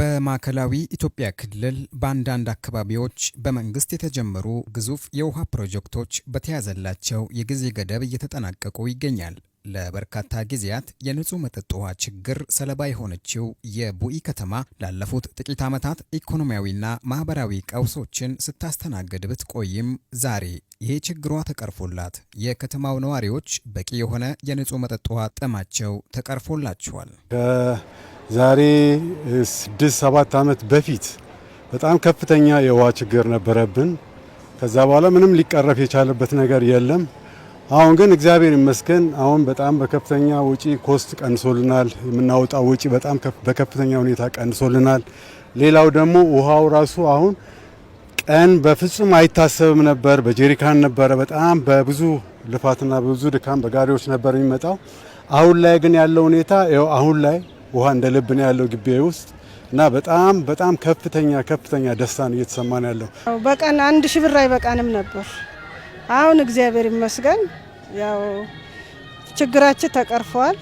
በማዕከላዊ ኢትዮጵያ ክልል በአንዳንድ አካባቢዎች በመንግስት የተጀመሩ ግዙፍ የውሃ ፕሮጀክቶች በተያዘላቸው የጊዜ ገደብ እየተጠናቀቁ ይገኛል። ለበርካታ ጊዜያት የንጹህ መጠጥ ውሃ ችግር ሰለባ የሆነችው የቡኢ ከተማ ላለፉት ጥቂት ዓመታት ኢኮኖሚያዊና ማህበራዊ ቀውሶችን ስታስተናግድ ብትቆይም ዛሬ ይሄ ችግሯ ተቀርፎላት የከተማው ነዋሪዎች በቂ የሆነ የንጹህ መጠጥ ውሃ ጥማቸው ተቀርፎላቸዋል። ዛሬ ስድስት ሰባት ዓመት በፊት በጣም ከፍተኛ የውሃ ችግር ነበረብን። ከዛ በኋላ ምንም ሊቀረፍ የቻለበት ነገር የለም። አሁን ግን እግዚአብሔር ይመስገን አሁን በጣም በከፍተኛ ውጪ ኮስት ቀንሶልናል። የምናወጣው ውጪ በጣም በከፍተኛ ሁኔታ ቀንሶልናል። ሌላው ደግሞ ውሃው ራሱ አሁን ቀን በፍጹም አይታሰብም ነበር። በጀሪካን ነበረ፣ በጣም በብዙ ልፋትና በብዙ ድካም በጋሪዎች ነበር የሚመጣው። አሁን ላይ ግን ያለው ሁኔታ አሁን ላይ ውሃ እንደ ልብ ነው ያለው ግቢ ውስጥ እና በጣም በጣም ከፍተኛ ከፍተኛ ደስታ ነው እየተሰማን ያለው። በቀን አንድ ሺህ ብር አይበቃንም ነበር። አሁን እግዚአብሔር ይመስገን ያው ችግራችን ተቀርፏል።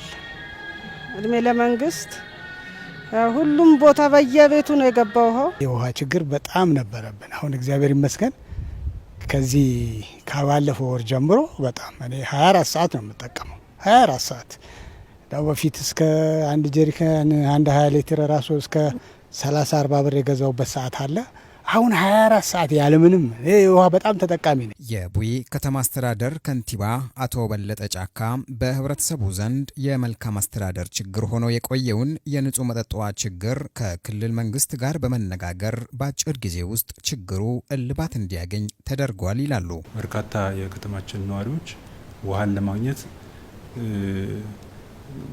እድሜ ለመንግስት። ሁሉም ቦታ በየቤቱ ነው የገባ ውሃው የውሃ ችግር በጣም ነበረብን። አሁን እግዚአብሔር ይመስገን ከዚህ ከባለፈው ወር ጀምሮ በጣም እኔ 24 ሰዓት ነው የምጠቀመው 24 ሰዓት ያው በፊት እስከ አንድ ጀሪካን አንድ ሀያ ሊትር ራሱ እስከ ሰላሳ አርባ ብር የገዛውበት ሰዓት አለ። አሁን 24 ሰዓት ያለምንም ውሃ በጣም ተጠቃሚ ነው። የቡይ ከተማ አስተዳደር ከንቲባ አቶ በለጠ ጫካ በህብረተሰቡ ዘንድ የመልካም አስተዳደር ችግር ሆኖ የቆየውን የንጹህ መጠጥ ውሃ ችግር ከክልል መንግስት ጋር በመነጋገር በአጭር ጊዜ ውስጥ ችግሩ እልባት እንዲያገኝ ተደርጓል ይላሉ። በርካታ የከተማችን ነዋሪዎች ውሃን ለማግኘት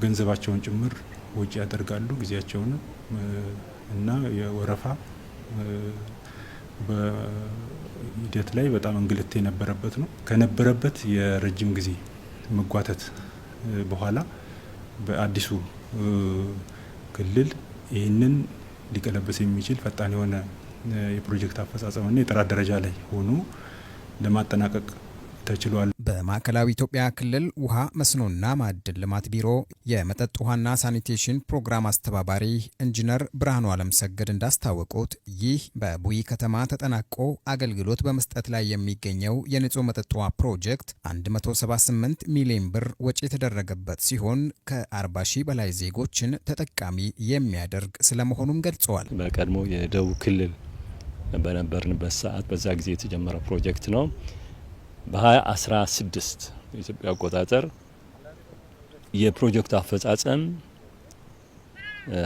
ገንዘባቸውን ጭምር ወጪ ያደርጋሉ፣ ጊዜያቸውን እና የወረፋ በሂደት ላይ በጣም እንግልት የነበረበት ነው። ከነበረበት የረጅም ጊዜ መጓተት በኋላ በአዲሱ ክልል ይህንን ሊቀለበስ የሚችል ፈጣን የሆነ የፕሮጀክት አፈጻጸምና የጥራት ደረጃ ላይ ሆኖ ለማጠናቀቅ ተችሏል። በማዕከላዊ ኢትዮጵያ ክልል ውሃ መስኖና ማዕድን ልማት ቢሮ የመጠጥ ውሃና ሳኒቴሽን ፕሮግራም አስተባባሪ ኢንጂነር ብርሃኑ አለምሰገድ እንዳስታወቁት ይህ በቡይ ከተማ ተጠናቆ አገልግሎት በመስጠት ላይ የሚገኘው የንጹህ መጠጥ ውሃ ፕሮጀክት 178 ሚሊዮን ብር ወጪ የተደረገበት ሲሆን ከ40 ሺህ በላይ ዜጎችን ተጠቃሚ የሚያደርግ ስለመሆኑም ገልጸዋል። በቀድሞ የደቡብ ክልል በነበርንበት ሰዓት በዛ ጊዜ የተጀመረ ፕሮጀክት ነው። በ2016 የኢትዮጵያ አቆጣጠር የፕሮጀክቱ አፈጻጸም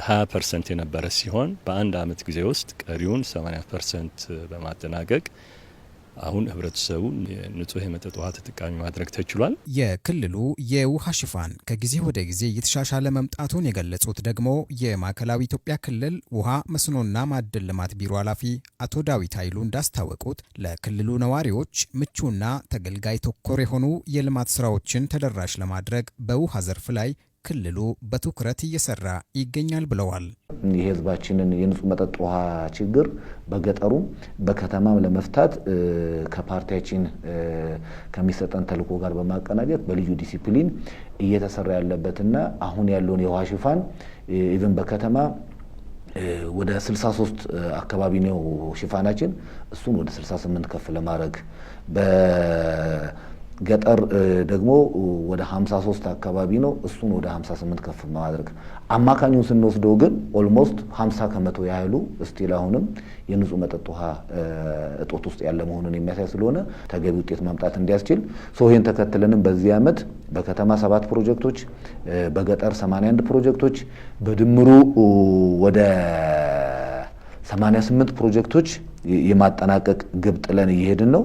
20 ፐርሰንት የነበረ ሲሆን በአንድ አመት ጊዜ ውስጥ ቀሪውን 80 ፐርሰንት በማጠናቀቅ አሁን ህብረተሰቡ ንጹህ የመጠጥ ውሃ ተጠቃሚ ማድረግ ተችሏል። የክልሉ የውሃ ሽፋን ከጊዜ ወደ ጊዜ እየተሻሻለ መምጣቱን የገለጹት ደግሞ የማዕከላዊ ኢትዮጵያ ክልል ውሃ መስኖና ማዕድን ልማት ቢሮ ኃላፊ አቶ ዳዊት ኃይሉ እንዳስታወቁት ለክልሉ ነዋሪዎች ምቹና ተገልጋይ ተኮር የሆኑ የልማት ስራዎችን ተደራሽ ለማድረግ በውሃ ዘርፍ ላይ ክልሉ በትኩረት እየሰራ ይገኛል ብለዋል። የህዝባችንን የንጹህ መጠጥ ውሃ ችግር በገጠሩ በከተማም ለመፍታት ከፓርቲያችን ከሚሰጠን ተልዕኮ ጋር በማቀናጀት በልዩ ዲሲፕሊን እየተሰራ ያለበትና አሁን ያለውን የውሃ ሽፋን ኢቨን በከተማ ወደ 63 አካባቢ ነው ሽፋናችን፣ እሱን ወደ 68 ከፍ ለማድረግ ገጠር ደግሞ ወደ 53 አካባቢ ነው። እሱን ወደ 58 ከፍ ማድረግ አማካኙን ስንወስደው ግን ኦልሞስት 50 ከመቶ ያህሉ እስቲል አሁንም የንጹህ መጠጥ ውሃ እጦት ውስጥ ያለ መሆኑን የሚያሳይ ስለሆነ ተገቢ ውጤት ማምጣት እንዲያስችል ሰው ይህን ተከትለንም በዚህ ዓመት በከተማ ሰባት ፕሮጀክቶች፣ በገጠር 81 ፕሮጀክቶች በድምሩ ወደ 88 ፕሮጀክቶች የማጠናቀቅ ግብ ጥለን እየሄድን ነው።